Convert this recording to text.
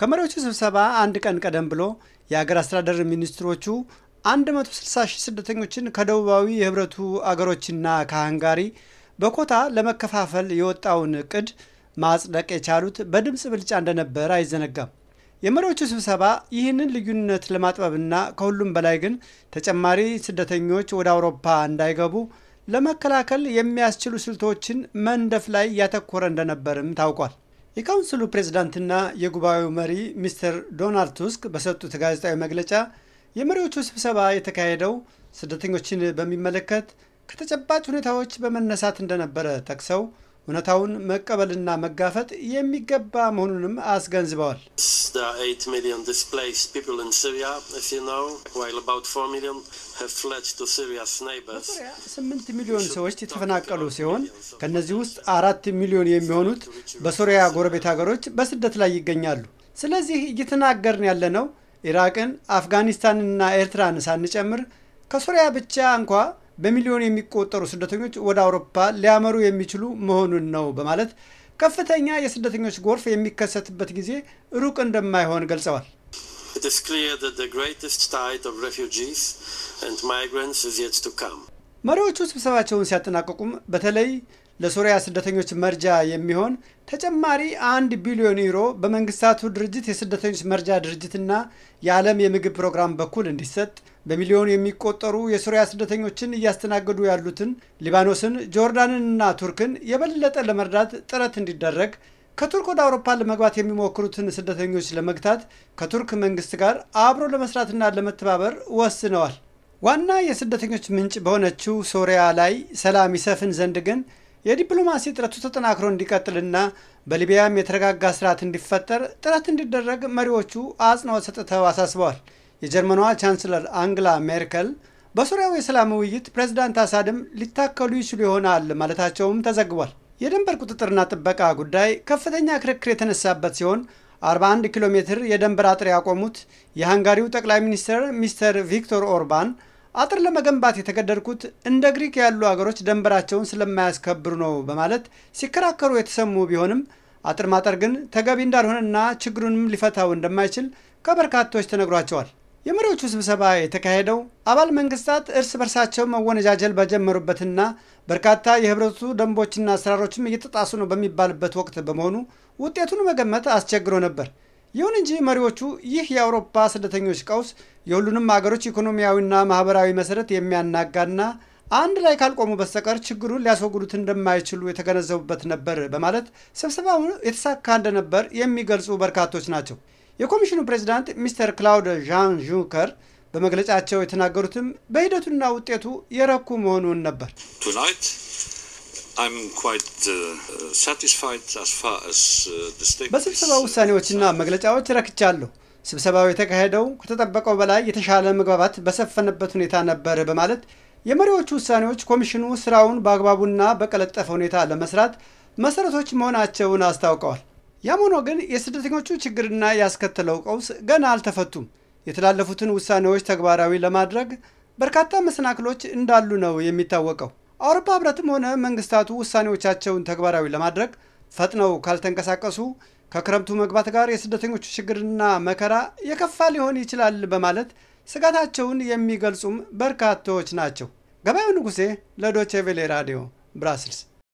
ከመሪዎቹ ስብሰባ አንድ ቀን ቀደም ብሎ የአገር አስተዳደር ሚኒስትሮቹ 160 ሺህ ስደተኞችን ከደቡባዊ የህብረቱ አገሮችና ከሃንጋሪ በኮታ ለመከፋፈል የወጣውን እቅድ ማጽደቅ የቻሉት በድምፅ ብልጫ እንደነበር አይዘነጋም። የመሪዎቹ ስብሰባ ይህንን ልዩነት ለማጥበብና ከሁሉም በላይ ግን ተጨማሪ ስደተኞች ወደ አውሮፓ እንዳይገቡ ለመከላከል የሚያስችሉ ስልቶችን መንደፍ ላይ ያተኮረ እንደነበርም ታውቋል። የካውንስሉ ፕሬዝዳንትና የጉባኤው መሪ ሚስተር ዶናልድ ቱስክ በሰጡት ጋዜጣዊ መግለጫ የመሪዎቹ ስብሰባ የተካሄደው ስደተኞችን በሚመለከት ከተጨባጭ ሁኔታዎች በመነሳት እንደነበረ ጠቅሰው እውነታውን መቀበልና መጋፈጥ የሚገባ መሆኑንም አስገንዝበዋል። there are 8 million displaced people in Syria, as you know, while about 4 million have fled to Syria's neighbors. 8 ሚሊዮን ሰዎች የተፈናቀሉ ሲሆን ከነዚህ ውስጥ አራት ሚሊዮን የሚሆኑት በሶሪያ ጎረቤት ሀገሮች በስደት ላይ ይገኛሉ። ስለዚህ እየተናገርን ያለነው ኢራቅን፣ አፍጋኒስታንና ኤርትራን ሳንጨምር ከሶሪያ ብቻ እንኳ በሚሊዮን የሚቆጠሩ ስደተኞች ወደ አውሮፓ ሊያመሩ የሚችሉ መሆኑን ነው በማለት ከፍተኛ የስደተኞች ጎርፍ የሚከሰትበት ጊዜ ሩቅ እንደማይሆን ገልጸዋል። መሪዎቹ ስብሰባቸውን ሲያጠናቀቁም በተለይ ለሶሪያ ስደተኞች መርጃ የሚሆን ተጨማሪ አንድ ቢሊዮን ዩሮ በመንግስታቱ ድርጅት የስደተኞች መርጃ ድርጅትና የዓለም የምግብ ፕሮግራም በኩል እንዲሰጥ በሚሊዮን የሚቆጠሩ የሶሪያ ስደተኞችን እያስተናገዱ ያሉትን ሊባኖስን፣ ጆርዳንንና ቱርክን የበለጠ ለመርዳት ጥረት እንዲደረግ ከቱርክ ወደ አውሮፓ ለመግባት የሚሞክሩትን ስደተኞች ለመግታት ከቱርክ መንግስት ጋር አብሮ ለመስራትና ለመተባበር ወስነዋል። ዋና የስደተኞች ምንጭ በሆነችው ሶሪያ ላይ ሰላም ይሰፍን ዘንድ ግን የዲፕሎማሲ ጥረቱ ተጠናክሮ እንዲቀጥልና በሊቢያም የተረጋጋ ስርዓት እንዲፈጠር ጥረት እንዲደረግ መሪዎቹ አጽንኦት ሰጥተው አሳስበዋል። የጀርመኗ ቻንስለር አንግላ ሜርከል በሱሪያው የሰላም ውይይት ፕሬዝዳንት አሳድም ሊታከሉ ይችሉ ይሆናል ማለታቸውም ተዘግቧል። የድንበር ቁጥጥርና ጥበቃ ጉዳይ ከፍተኛ ክርክር የተነሳበት ሲሆን 41 ኪሎ ሜትር የድንበር አጥር ያቆሙት የሃንጋሪው ጠቅላይ ሚኒስትር ሚስተር ቪክቶር ኦርባን አጥር ለመገንባት የተገደድኩት እንደ ግሪክ ያሉ አገሮች ደንበራቸውን ስለማያስከብሩ ነው በማለት ሲከራከሩ የተሰሙ ቢሆንም አጥር ማጠር ግን ተገቢ እንዳልሆነና ችግሩንም ሊፈታው እንደማይችል ከበርካቶች ተነግሯቸዋል። የመሪዎቹ ስብሰባ የተካሄደው አባል መንግስታት እርስ በርሳቸው መወነጃጀል በጀመሩበትና በርካታ የህብረቱ ደንቦችና አሰራሮችም እየተጣሱ ነው በሚባልበት ወቅት በመሆኑ ውጤቱን መገመት አስቸግሮ ነበር። ይሁን እንጂ መሪዎቹ ይህ የአውሮፓ ስደተኞች ቀውስ የሁሉንም አገሮች ኢኮኖሚያዊና ማህበራዊ መሰረት የሚያናጋና አንድ ላይ ካልቆሙ በስተቀር ችግሩን ሊያስወግዱት እንደማይችሉ የተገነዘቡበት ነበር በማለት ስብሰባው የተሳካ እንደነበር የሚገልጹ በርካቶች ናቸው። የኮሚሽኑ ፕሬዚዳንት ሚስተር ክላውድ ዣን ጁንከር በመግለጫቸው የተናገሩትም በሂደቱና ውጤቱ የረኩ መሆኑን ነበር። Uh, uh, በስብሰባ uh, ውሳኔዎችና መግለጫዎች ረክቻለሁ። ስብሰባው የተካሄደው ከተጠበቀው በላይ የተሻለ መግባባት በሰፈነበት ሁኔታ ነበር በማለት የመሪዎቹ ውሳኔዎች ኮሚሽኑ ስራውን በአግባቡና በቀለጠፈ ሁኔታ ለመስራት መሰረቶች መሆናቸውን አስታውቀዋል። ያም ሆኖ ግን የስደተኞቹ ችግርና ያስከተለው ቀውስ ገና አልተፈቱም። የተላለፉትን ውሳኔዎች ተግባራዊ ለማድረግ በርካታ መሰናክሎች እንዳሉ ነው የሚታወቀው። አውሮፓ ህብረትም ሆነ መንግስታቱ ውሳኔዎቻቸውን ተግባራዊ ለማድረግ ፈጥነው ካልተንቀሳቀሱ ከክረምቱ መግባት ጋር የስደተኞቹ ችግርና መከራ የከፋ ሊሆን ይችላል በማለት ስጋታቸውን የሚገልጹም በርካታዎች ናቸው። ገበያው ንጉሴ ለዶቼ ቬሌ ራዲዮ ብራስልስ